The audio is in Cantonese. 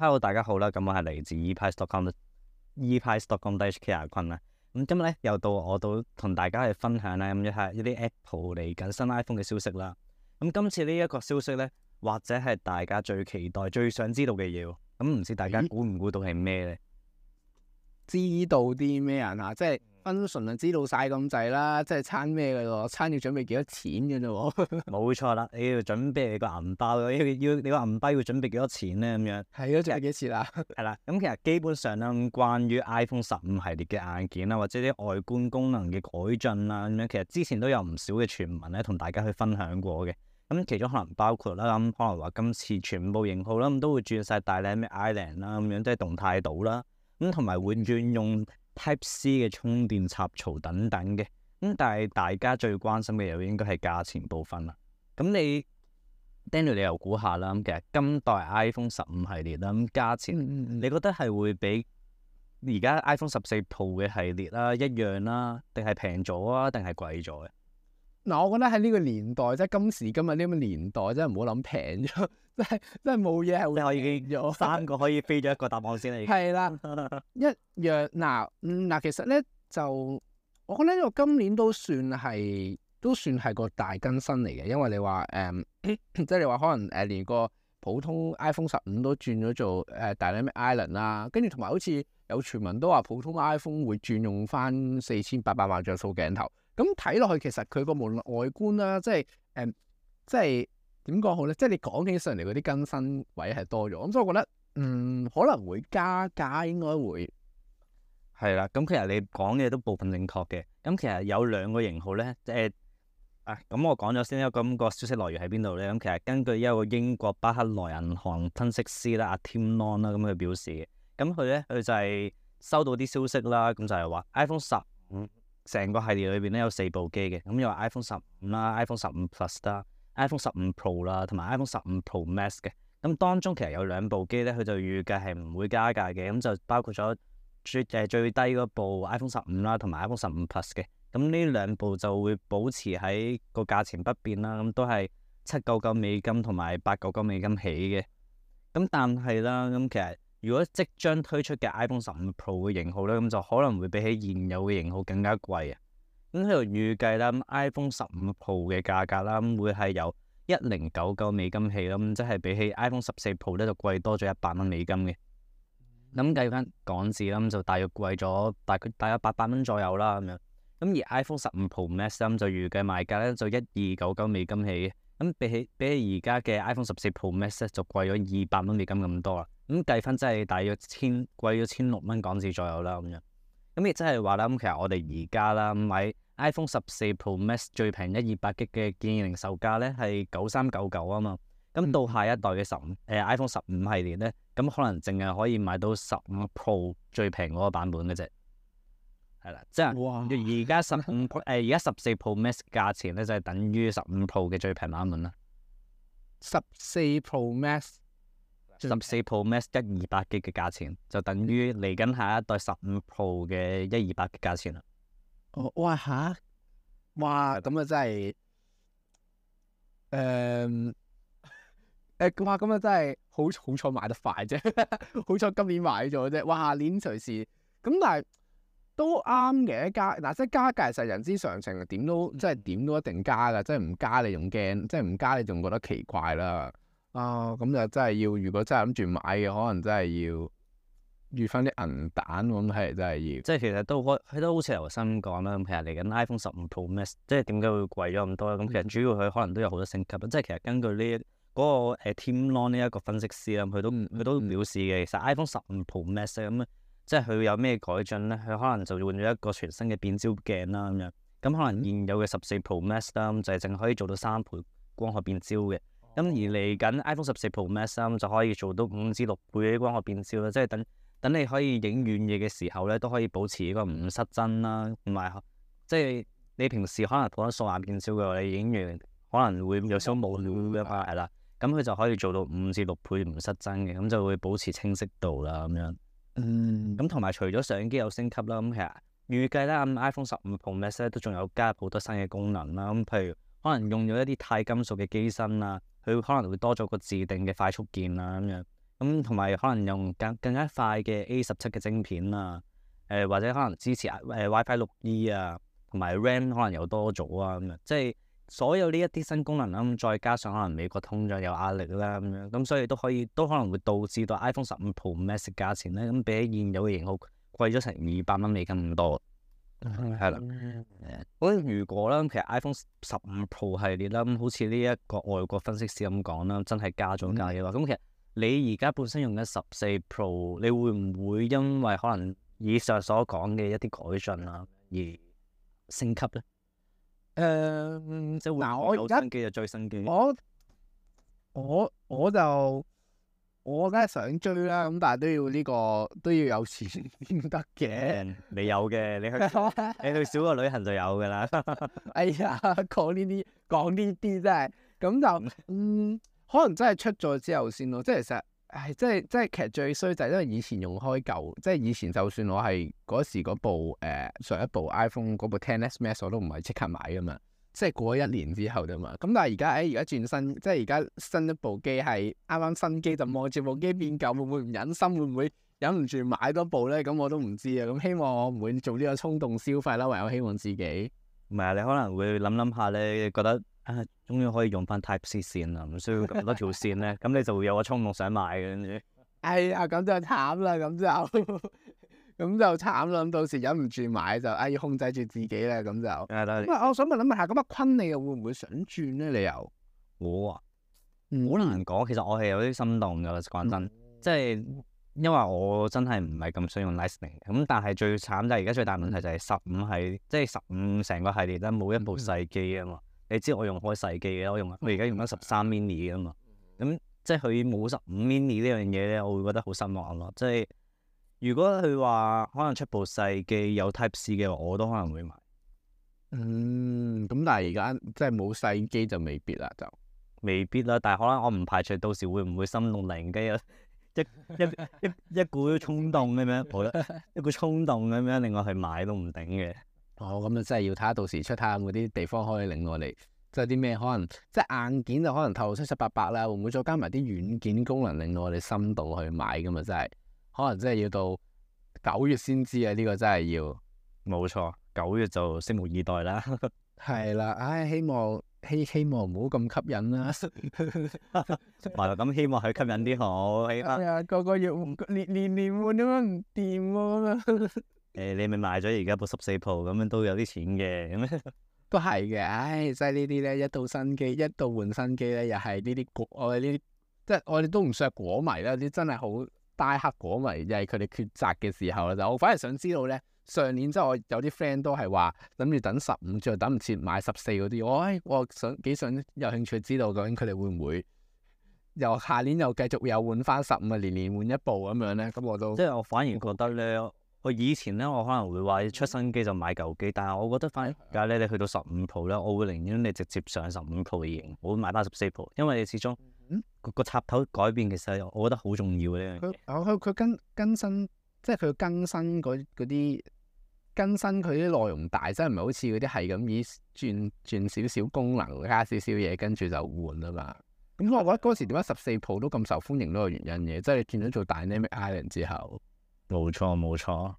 hello，大家好啦，咁我係嚟自 eprice.com 的 eprice.com dash K 阿坤啦，咁今日咧又到我都同大家去分享咧，咁一係一啲 Apple 嚟緊新 iPhone 嘅消息啦，咁今次呢一個消息咧，或者係大家最期待、最想知道嘅嘢，咁唔知大家估唔估到係咩咧？知道啲咩人啊？即係。分純啊，知道晒咁滯啦，即係餐咩嘅喎？餐要準備幾多錢嘅啫？冇錯啦，你要準備你個銀包咯，要，要你個銀包要準備幾多錢咧？咁樣係咯，仲有幾次啦？係 啦，咁其實基本上咧，咁關於 iPhone 十五系列嘅硬件啊，或者啲外觀功能嘅改進啦，咁樣其實之前都有唔少嘅傳聞咧，同大家去分享過嘅。咁其中可能包括啦，咁可能話今次全部型號啦，咁都會轉晒大靚咩 Island 啦，咁樣即係動態島啦。咁同埋會轉用、嗯。Type C 嘅充電插槽等等嘅，咁但係大家最關心嘅又應該係價錢部分啦。咁你 Daniel 你又估下啦，咁其實今代 iPhone 十五系列啦，咁價錢你覺得係會比而家 iPhone 十四 Pro 嘅系列啦，啊、一樣啦，定係平咗啊，定係、啊、貴咗嘅、啊？嗱，我覺得喺呢個年代，即係今時今日呢個年代，真係唔好諗平咗，真係真係冇嘢係。你可以已經三個可以飛咗一個答案先嚟。係啦， 一樣，嗱嗱、嗯，其實咧就我覺得呢個今年都算係都算係個大更新嚟嘅，因為你話誒、嗯，即係你話可能誒，連個普通 iPhone 十五都轉咗做誒 Dynamic Island 啦，跟住同埋好似有傳聞都話普通 iPhone 會轉用返四千八百萬像素鏡頭。咁睇落去，其實佢個無論外觀啦，即係誒、嗯，即係點講好咧？即係你講起上嚟嗰啲更新位係多咗，咁所以我覺得，嗯，可能會加價，加應該會係啦。咁其實你講嘅都部分正確嘅。咁其實有兩個型號咧，誒、就是、啊，咁我講咗先啦。咁個消息來源喺邊度咧？咁其實根據一個英國巴克萊銀行分析師啦，阿 Tim Long 啦，咁佢表示嘅，咁佢咧佢就係收到啲消息啦，咁就係話 iPhone 十五。成個系列裏邊咧有四部機嘅，咁有 15, iPhone 十五啦、iPhone 十五 Plus 啦、iPhone 十五 Pro 啦，同埋 iPhone 十五 Pro Max 嘅。咁當中其實有兩部機咧，佢就預計係唔會加價嘅，咁就包括咗最誒、呃、最低嗰部 iPhone 十五啦，同埋 iPhone 十五 Plus 嘅。咁呢兩部就會保持喺個價錢不變啦，咁都係七九九美金同埋八九九美金起嘅。咁但係啦，咁其實。如果即將推出嘅 iPhone 十五 Pro 嘅型號咧，咁就可能會比起現有嘅型號更加貴啊！咁喺度預計啦，咁 iPhone 十五 Pro 嘅價格啦，咁會係由一零九九美金起，咁即係比起 iPhone 十四 Pro 咧就貴多咗一百蚊美金嘅。咁計翻港紙啦，咁就大約貴咗大概大約八百蚊左右啦，咁樣。咁而 iPhone 十五 Pro Max 咧就預計賣價咧就一二九九美金起嘅，咁比起比起而家嘅 iPhone 十四 Pro Max 咧就貴咗二百蚊美金咁多啦。咁計分真係大約千貴咗千六蚊港紙左右啦，咁樣。咁亦即係話啦，咁其實我哋而家啦買 iPhone 十四 Pro Max 最平一二百 G 嘅建議零售價咧係九三九九啊嘛。咁到下一代嘅十五，誒、呃、iPhone 十五系列咧，咁可能淨係可以買到十五 Pro 最平嗰個版本嘅啫。係啦，即係而家十五誒而家十四 Pro Max 價錢咧就係等於十五 Pro 嘅最平版本啦。十四 Pro Max，十四 Pro Max 一二百幾嘅價錢，就等於嚟緊下一代十五 Pro 嘅一二百嘅價錢啦。哦，哇吓，哇咁啊真係，誒，誒，哇咁啊真係好，好彩買得快啫， 好彩今年買咗啫。哇，下年隨時咁，但係都啱嘅、啊、加嗱、啊，即係加價其實人之常情，點都即係點都一定加噶，即係唔加你仲驚，即係唔加你仲覺得奇怪啦。啊，咁、哦、就真係要，如果真係諗住買嘅，可能真係要預翻啲銀彈，咁係真係要。即係其實都可，都好似頭先講啦，其實嚟緊 iPhone 十五 Pro Max，即係點解會貴咗咁多咧？咁其實主要佢可能都有好多升級。即係其實根據呢嗰、那個誒、呃、Tim Long 呢一個分析師啦，佢都佢、嗯嗯、都唔表示嘅，其實 iPhone 十五 Pro Max 咁、嗯嗯、即係佢有咩改進咧？佢可能就會換咗一個全新嘅變焦鏡啦，咁樣。咁可能現有嘅十四 Pro Max 啦、嗯，就係、是、淨可以做到三倍光學變焦嘅。咁而嚟緊 iPhone 十四 Pro Max 咁、啊、就可以做到五至六倍嘅光學變焦啦，即係等等你可以影遠嘢嘅時候咧，都可以保持一個唔失真啦。同埋即係你平時可能用咗數碼變焦嘅話，你影完可能會有少少模糊嘅嘛，係啦、嗯。咁佢、嗯、就可以做到五至六倍唔失真嘅，咁、嗯、就會保持清晰度啦咁樣嗯。嗯。咁同埋除咗相機有升級啦，咁其實預計咧 iPhone 十五 Pro Max 咧都仲有加入好多新嘅功能啦。咁、嗯、譬如可能用咗一啲鈦金屬嘅機身啦。啊佢可能會多咗個自定嘅快速鍵啊，咁樣咁同埋可能用更更加快嘅 A 十七嘅晶片啊，誒、呃、或者可能支持誒 WiFi 六 E 啊，同埋 RAM 可能又多咗啊，咁樣即係所有呢一啲新功能啦、啊，咁再加上可能美國通脹有壓力啦、啊，咁樣咁所以都可以都可能會導致到 iPhone 十五 Pro Max 嘅價錢咧，咁比起現有嘅型號貴咗成二百蚊美金咁多。係啦，咁如果啦，其實 iPhone 十五 Pro 系列啦，咁好似呢一個外國分析師咁講啦，真係加咗價嘅話，咁、嗯、其實你而家本身用緊十四 Pro，你會唔會因為可能以上所講嘅一啲改進啊而升級咧？誒、呃，即係嗱、呃，我而家有新機就最新機，我我我就。我梗係想追啦，咁但係都要呢、呢個都要有錢先得嘅。你有嘅，你去 你去少個旅行就有噶啦。 哎呀，講呢啲講呢啲真係，咁就嗯 可能真係出咗之後先咯。即係其實，唉，即係即係其實最衰就係因為以前用開舊，即係以前就算我係嗰時嗰部誒、呃、上一部 iPhone 嗰部 XS Max 我都唔係即刻買噶嘛。即係過咗一年之後啫嘛，咁但係而家誒，而家轉新，即係而家新一部機係啱啱新機就望住部機變舊，會唔會唔忍心？會唔會忍唔住買多部咧？咁、嗯、我都唔知啊。咁、嗯、希望我唔會做呢個衝動消費啦，唯有希望自己。唔係啊，你可能會諗諗下咧，你覺得啊，終於可以用翻 Type C 線啦，唔需要咁多條線咧，咁 你就會有個衝動想買嘅。跟住，係啊、哎，咁就慘啦，咁就。 咁就慘啦，咁到時忍唔住買就，哎要控制住自己啦，咁就。咁啊、嗯，嗯嗯、我想問你問下，咁阿坤你又會唔會想轉咧？你又我啊，好、哦、難講。其實我係有啲心動噶，講真，即係、嗯就是、因為我真係唔係咁想用 Lightning 嘅。咁但係最慘就係而家最大問題就係十五係，即係十五成個系列咧冇一部細機啊嘛。你知我用開細機嘅，我用我而家用緊十三 Mini 嘅嘛。咁即係佢冇十五 Mini 呢樣嘢咧，我會覺得好失望咯，即係。如果佢話可能出部細機有 type C 嘅話，我都可能會買。嗯，咁但係而家即係冇細機就未必啦，就未必啦。但係可能我唔排除到時會唔會心動靈機啦，一一一一股衝動咁樣，一股衝動咁樣令我去買都唔頂嘅。哦，咁啊真係要睇下到時出下嗰啲地方可以令我哋，即係啲咩可能即係硬件就可能透露七七八八啦，會唔會再加埋啲軟件功能令到我哋深度去買咁啊？真係。可能真係要到九月先知啊！呢、這個真係要，冇錯，九月就拭目以待啦。係 啦，唉，希望希希望唔好咁吸引啦。唔係咁，希望佢吸引啲、啊 嗯、好。係啊、哎，個個月年年年換點樣唔掂啊？誒、 欸，你咪賣咗而家部十四 Pro，咁樣都有啲錢嘅。 都係嘅，唉，真係呢啲咧，一到新機，一到換新機咧，又係呢啲果，我哋呢啲，即係我哋都唔算係果迷啦，啲真係好。大黑果咪，又係佢哋抉擇嘅時候啦。就我反而想知道咧，上年之後我有啲 friend 都係話諗住等十五，最後等唔切買十四嗰啲。我誒、哎，我想幾想有興趣知道究竟佢哋會唔會又下年又繼續又換翻十五啊，年年換一部咁樣咧。咁我都即係我反而覺得咧，我以前咧我可能會話出新機就買舊機，但係我覺得反而而家咧你去到十五套咧，我會寧願你直接上十五套，嘅型，唔好買翻十四部，因為你始終。嗯，個插頭改變，其實我覺得好重要呢，佢佢佢更更新，即係佢更新嗰啲更新，佢啲內容大，真係唔係好似嗰啲係咁以轉轉少少功能加少少嘢，跟住就換啊嘛。咁、嗯、我覺得嗰時點解十四 Pro 都咁受歡迎，呢個原因嘅，即係轉咗做 Dynamic Island 之後，冇錯冇錯。